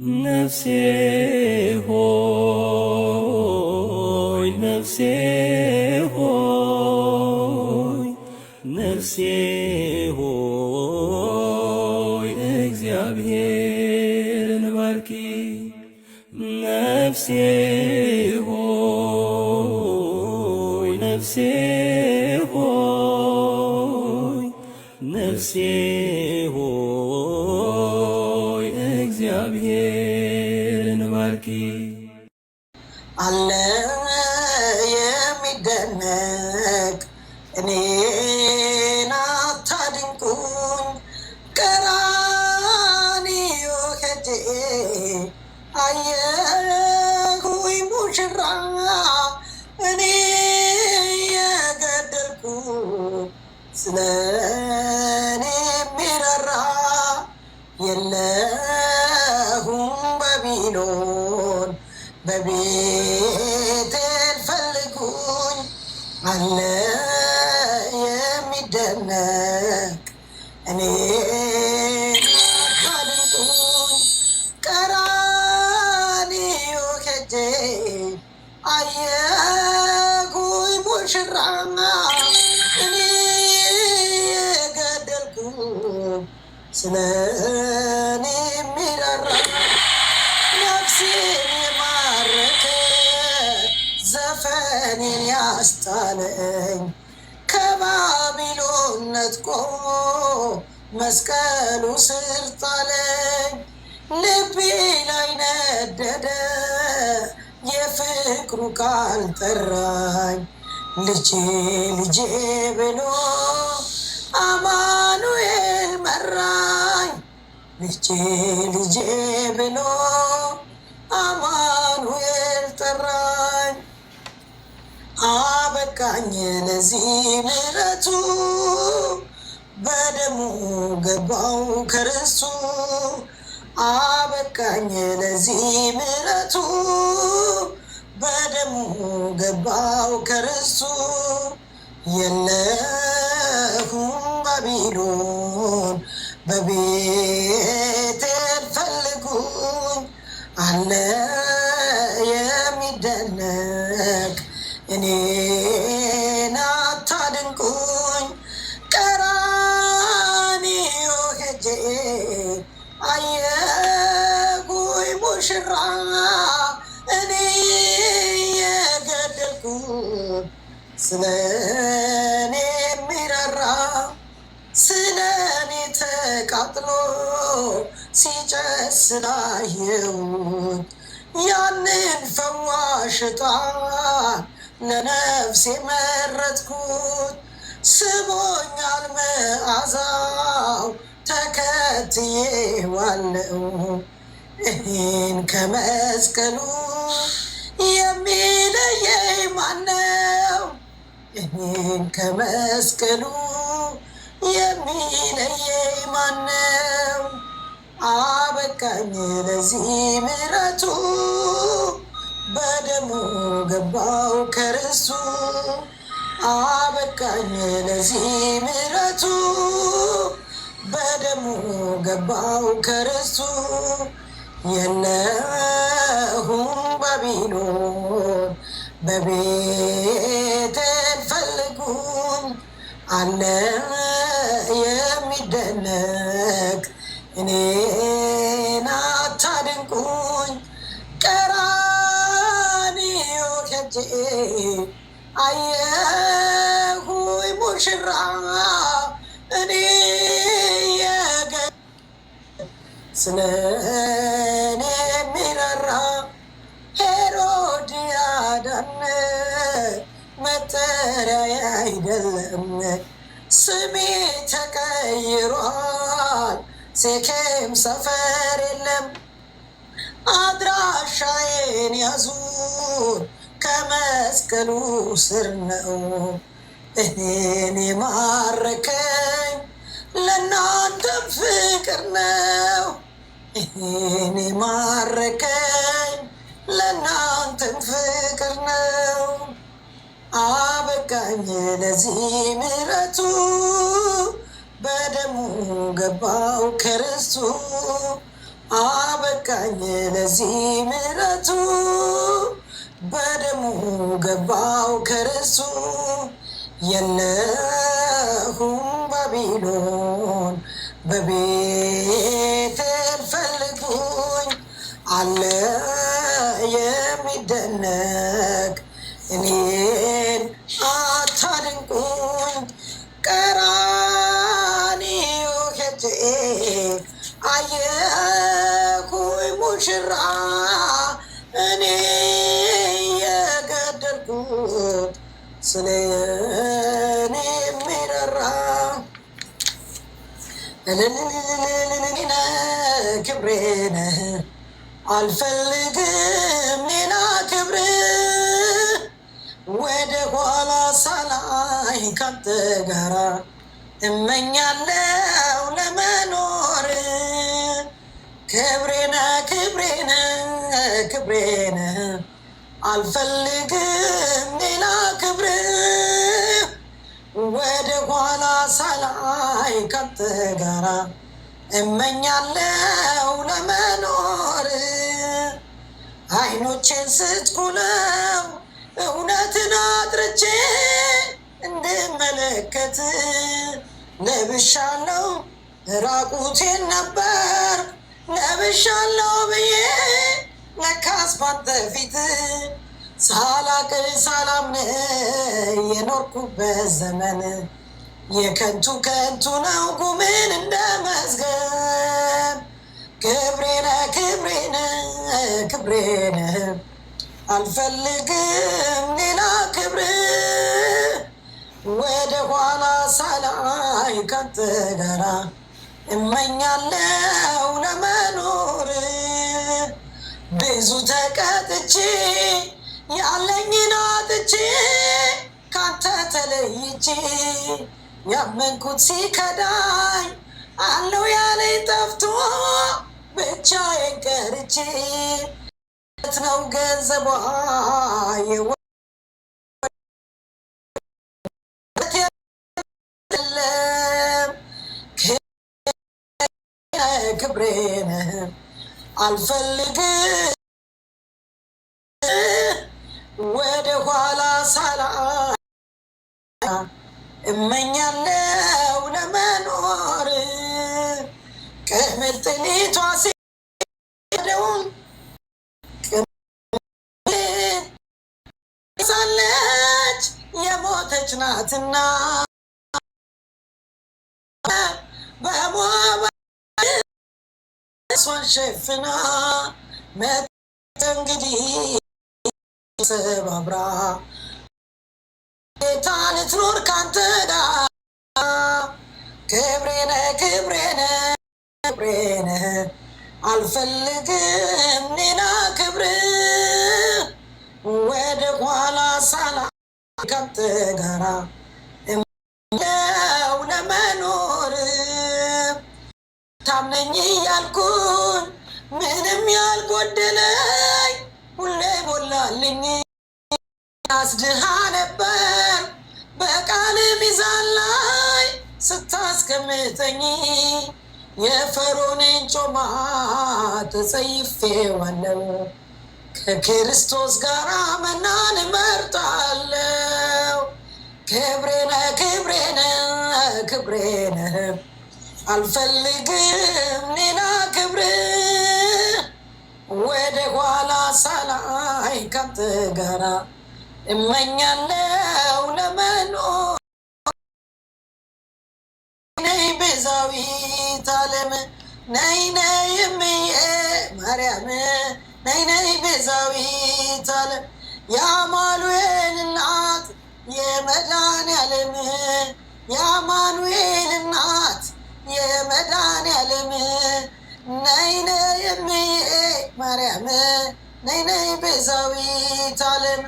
نفسي هوي نفسي هوي نفسي አስቴርን ባርኪ አለ የሚደነቅ እኔን አታድንቁኝ ቀራንዮ ሄጄ አየሁኝ ሙሽራ እኔ የገደልኩ ስለ እኔ የሚራራ የለም مؤمنون نبي እኔን ያስጣለኝ ከባቢሎን ነጥቆ መስቀሉ ስር ጣለኝ። ልቤ ላይ ነደደ የፍቅሩ ቃል ጠራኝ። ልጄ ልጄ ብሎ አማኑኤል መራኝ። ልጄ ልጄ ብሎ ረዳኝ ለዚህ ምሕረቱ በደሙ ገባው ከርሱ አበቃኝ ለዚህ ምሕረቱ በደሙ ገባው ከርሱ የለሁም ባቢሎን በቤቴል ፈልጉኝ አለ የሚደነቅ እኔ ስለኔ የሚራራ ስለኔ ተቃጥሎ ሲጨስ ላየሁት ያንን ፈዋሽ ዕጣን ለነፍሴ መረጥኩት። ስቦኛል መዓዛው ተከትዬዋለሁ እኔን ከመስቀሉ የሚለየኝ ማነው? እኔን ከመስቀሉ የሚለየኝ ማነው? አበቃኝ ለዚህ ምረቱ በደሙ ገባው ከርሱ አበቃኝ ለዚህ ምረቱ በደሙ ገባው ከርሱ የለሁም ባቢሎን በቤ አለ የሚደነቅ እኔን አታድንቁኝ ቀራንዮ ሄጄ አየሁኝ ሙሽራ እኔ የገ ስለ መጠሪያ አይደለም ስሜ ተቀይሯል። ሴኬም ሰፈር የለም አድራሻዬን ያዙ ከመስቀሉ ስር ነው እኔን የማረከኝ ለእናንተም ፍቅር ነው እኔን የማረከኝ ለእናንተም ፍቅር ነው። አበቃኝ ለዚህ ምሕረቱ በደሙ ገባው ከርስቱ አበቃኝ ለዚህ ምሕረቱ በደሙ ገባው ከርስቱ የለሁም ባቢሎን በቤቴል ፈልጉኝ አለ የሚደነቅ እኔ አየኩኝ ሙሽራ እኔ የገደልኩት ስለ እኔ የሚራራ እልልልልልልነ ክብሬን አልፈልግም ሌላ ክብር ወደ ኋላ ሳላይ ካንተ ጋራ እመኛለው ለመኖር ክብሬነ ክብሬነ ክብሬነ አልፈልግም ሌላ ክብር ወደ ኋላ ሳላይ ከንተ ጋራ እመኛለው ለመኖር አይኖቼን ስትኩለው እውነትን አጥርቼ እንድመለከት ለብሻለው ራቁቴን ነበር ለብሻለው ብዬ ለካስ ባንተ ፊት ሳላቅ ሳላምን የኖርኩበት ዘመን የከንቱ ከንቱ ነው ጉምን እንደ ክብሬነ ክብሬነ ክብሬነ አልፈልግም ሌላ ክብር ወደ ኋላ ሳላይ ካንተ ጋራ እመኛለ ብዙ ተቀጥቼ ያለኝን አጥቼ ካንተ ተለይቼ ያመንኩት ሲከዳኝ አለው ያለኝ ጠፍቶ ብቻዬን ቀርቼ ነው ገንዘቧ ክብሬን አልፈልግም ወደ ኋላ ሳላ እመኛለው ለመኖር ቅምጥሊቷ ሲደውን ሳለች የሞተች ናትና በሞባ ሸፍና መጠ እንግዲህ ስባብራ ጌታ ልትኖር ካንተ ጋር ክብሬነ ክብሬነ ክብሬነ አልፈልግም ሌላ ክብር ወደ ኋላ ሳላ ካንተ ጋራ ለው ለመኖር ታምነኝ ያልኩን ምንም ያልጎደለኝ ሁሌ ሞላልኝ አስድሃ ነበር በቃል ሚዛን ላይ ስታስቀምጠኝ የፈርዖንን ጮማ ተጸይፌዋለሁ። ከክርስቶስ ጋር መናን እመርጣለሁ። ክብሬነ ክብሬነ ክብሬነ አልፈልግም ኔና ክብር ወደ ኋላ ሳላይ ካንተ ጋራ እመኛለው ለመኖር ነይ ቤዛዊት ዓለም ነይ ነይ እምዬ ማርያም ነይ ነይ ቤዛዊት ዓለም የአማኑኤል እናት የመድኃኔዓለም የአማኑኤል እናት የመድኃኔዓለም ማርያም ነይ ነይ ቤዛዊት ዓለም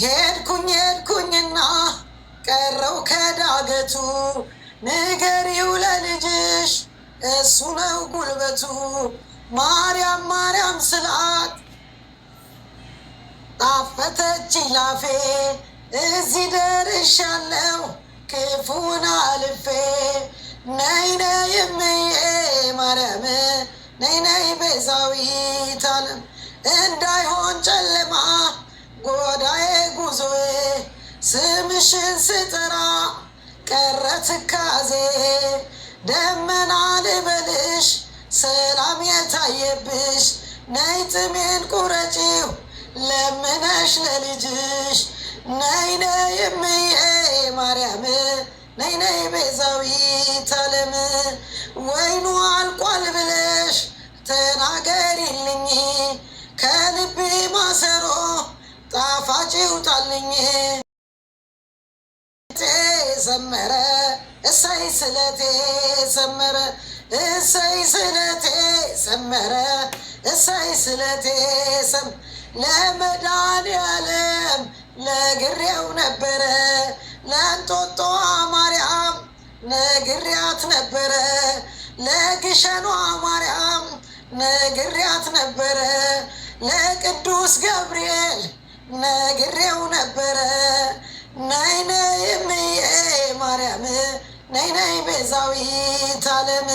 ሄድኩኝ ሄድኩኝና ቀረው ከዳገቱ ንገሪው ለልጅሽ እሱ ነው ጉልበቱ ማርያም ማርያም ስላት ጣፈተች ላፌ እዚህ ደርሻለው ክፉን አልፌ ነይ ነይ እምዬ ማርያም ነይ ነይ ቤዛዊት መዳንም እንዳይሆን ጨለማ ጎዳዬ ጉዞዬ ስምሽን ስጥራ ቀረ ትካዜ ደመና ልበልሽ ሰላም የታየብሽ ነይ ጥሜን ቁረጪው ለምነሽ ለልጅሽ ነይ ነይ እምዬ ማርያም ነይ ነይ ቤዛዊት ዓለም ወይኗ ይሙታልኝ ሰመረ እሰይ ስለቴ ሰመረ እሰይ ስለቴ ሰመረ እሰይ ስለቴ ሰም ለመድኃኒዓለም ነግሬው ነበረ ለእንጦጦ ማርያም ነግሪያት ነበረ ለግሸኗ ማርያም ነግሪያት ነበረ ለቅዱስ ገብርኤል ነግሬው ነበረ። ናይ ናይ እምዬ ማርያም ናይ ናይ ቤዛዊት ዓለም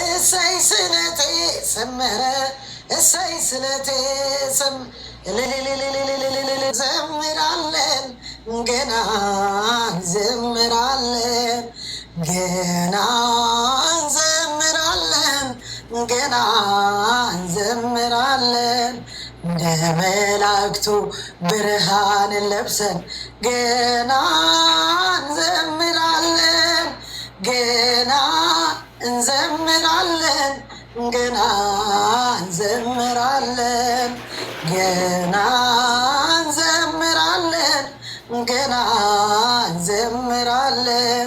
እሰይ ስለቴ ሰመረ እሰይ ስለቴ ዘምራለን ገና ዘምራለን ገና ዘምራለን ገና ዘምራለን ለመላእክቱ ብርሃን ለብሰን ገና እንዘምራለን፣ ገና እንዘምራለን፣ ገና እንዘምራለን፣ ገና እንዘምራለን፣ ገና እንዘምራለን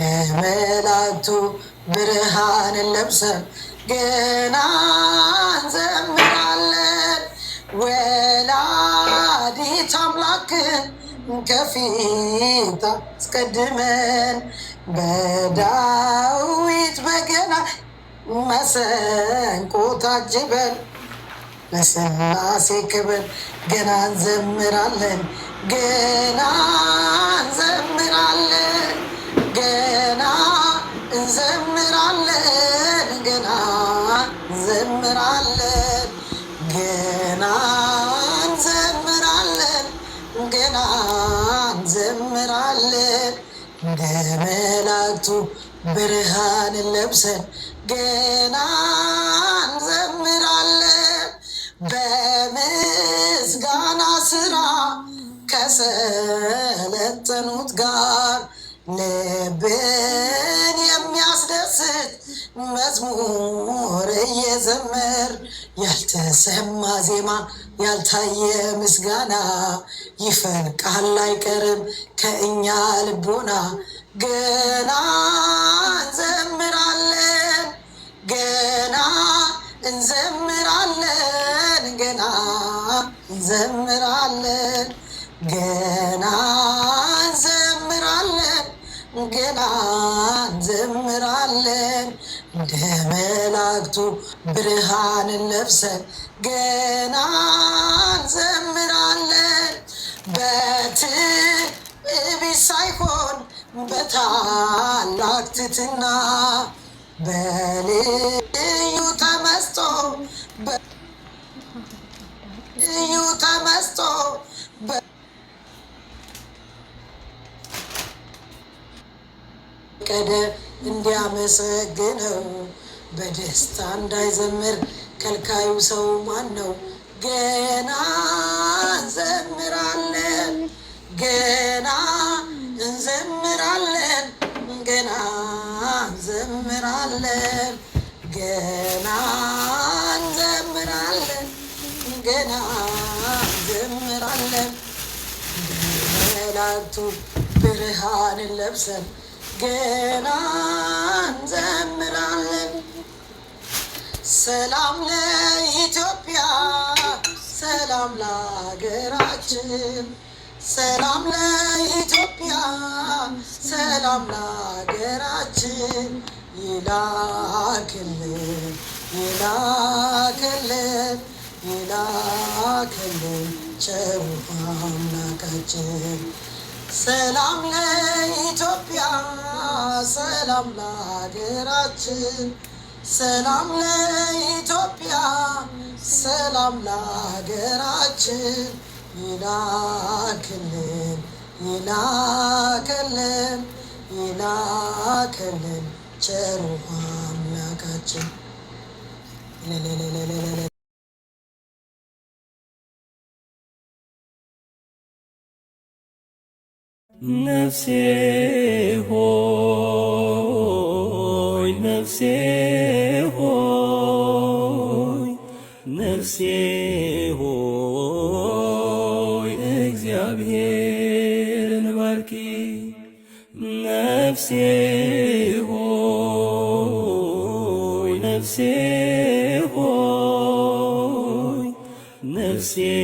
ለመላእክቱ ብርሃን ለብሰን ገና እንዘምራለን። ወላዲት አምላክ ከፊት አስቀድመን በዳዊት በገና መሰንቆ ታጅበን ለስላሴ ክብር ገና እንዘምራለን፣ ገና እንዘምራለን፣ ገና እንዘምራለን፣ ገና ከንቱ ብርሃን ለብሰን ገና እንዘምራለን በምስጋና ስራ ከሰለጠኑት ጋር ልብን የሚያስደስት መዝሙር እየዘመር ያልተሰማ ዜማ ያልታየ ምስጋና ይፈልቃል አይቀርም ከእኛ ልቦና ገና እንዘምራለን ገና እንዘምራለን ገና እንዘምራለን ገና እንዘምራለን ገና እንዘምራለን እንደ መላእክቱ ብርሃንን ለብሰን ገና እንዘምራለን በትዕቢት ሳይሆን በታላቅ ትሕትና በልዩ ተመስጦ ልዩ ተመስጦ ቀደ እንዲያመሰግነው በደስታ እንዳይዘምር ከልካዩ ሰው ማን ነው? ገና ዘምራለን ገና የአንቱ ብርሃንን ለብሰን ገና እንዘምራለን። ሰላም ለኢትዮጵያ፣ ሰላም ለሀገራችን፣ ሰላም ለኢትዮጵያ፣ ሰላም ለሀገራችን ይላክልን ይላክልን ይላክልን ቸሩ አምላካችን ሰላም ለኢትዮጵያ፣ ሰላም ለሀገራችን፣ ሰላም ለኢትዮጵያ፣ ሰላም ለሀገራችን። ይላክልን ይላክልን ይላክልን ቸሩ አምላካችን ነፍሴ ሆይ ነፍሴ ሆይ ነፍሴ ሆይ እግዚአብሔርን ባርኪ ነፍሴ ሆይ ነፍሴ ሆይ ነፍሴ